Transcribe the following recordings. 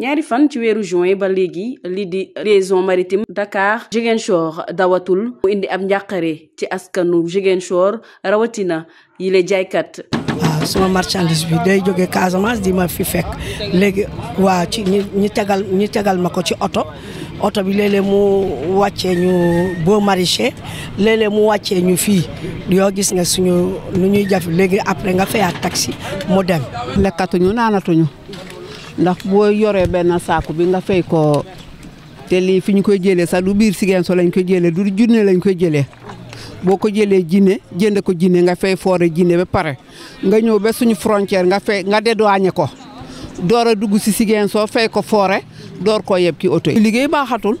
ñaari fan ci weeru juin ba léegi lii di liaison maritime Dakar Ziguinchor dawatul mu indi ab njàqare ci askanu Ziguinchor rawatina yile jaaykat. waaw suma marchandise bi day jógee Casamance dima fi fekk léegi waa ci ñi ñi tegal ñi tegal ma ko ci oto. oto bi léeg-léeg mu wàccee ñu boo maraîcher léeg-léeg mu wàccee ñu fii yoo gis nga suñu nu ñuy jaf léegi après nga fayaat taxi mu dem. lekkatuñu naanatuñu ndax boo yoree benn saaku bi nga fay ko te lii fi ñu koy jëlee sax du biir Ziguinchor lañ ko jëlee du junne lañ koy jëlee. boo ko jëlee jinne jënd ko jinne nga fay foore jinne ba pare nga ñëw ba suñu frontière nga fay nga dédouané ko. door a dugg si Ziguinchor fay ko foore door koo yeb ci oto yi. liggéey baaxatul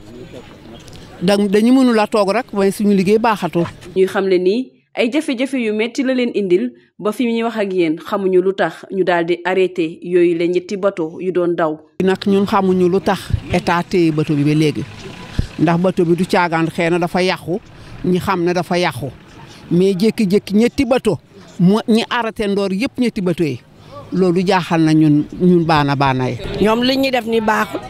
dañu dañu mënul a toog rek waaye suñu liggéey baaxatul. ñuy xam le nii ay jafe-jafe yu metti la leen indil ba fi ñuy wax ak yéen xamuñu lu tax ñu daal di arrêté yooyu la ñetti bato yu doon daw. nag ñun xamuñu lu tax état téye bato bi ba léegi ndax bato bi du caagaan xëy na dafa yàqu ñi xam ne dafa yàqu mais jékki-jékki ñetti bato mu ñi arrêté ndoor yëpp ñetti bato yi. loolu jaaxal na ñun ñun baana baana yi. ñoom li ñuy def ni baaxul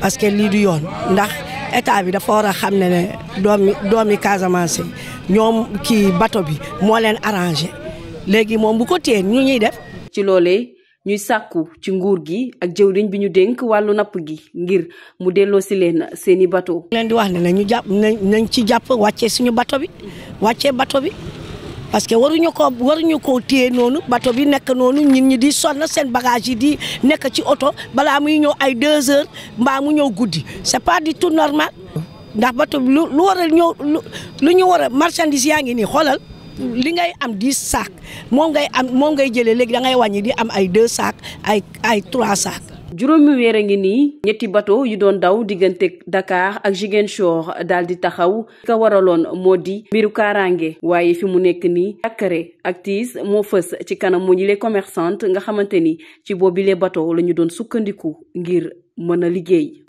parce lii du yoon ndax état bi dafa war a xam ne ne doomi doomi Casamance ñoom kii bato bi moo leen arrangé léegi moom bu ko téye ñu ñuy def. ci loolee ñuy sàkku ci nguur gi ak jëwriñ bi ñu dénk wàllu napp gi ngir mu delloo si leen seeni bato. leen di wax ne ñu jàpp nañ ci jàpp wàccee suñu bato bi wàccee bato bi. parce que waruñu ko waruñu koo téye noonu bato bi nekk noonu ñit ñi di sonn seen bagage yi di nekk ci oto bala muy ñëw ay deux heures mbaa mu ñëw guddi c'est pas du normal ndax bato bi lu war a lu ñu war a marchandise yaa ngi nii xoolal li ngay am di sacs moom ngay am moom ngay jëlee léegi da ngay wàññi di am ay deux sacs ay ay trois sacs juróomi weer a ngi nii ñetti bateau yi doon daw diggante dakaar ak Ziguinchor daal di taxaw ka waraloon moo di mbiru kaaraange waaye fi mu nekk nii jàkkare ak tiis moo fës ci kanam moo les commerçantes nga xamante ni ci boobile bato la ñu doon sukkandiku ngir mën a liggéey.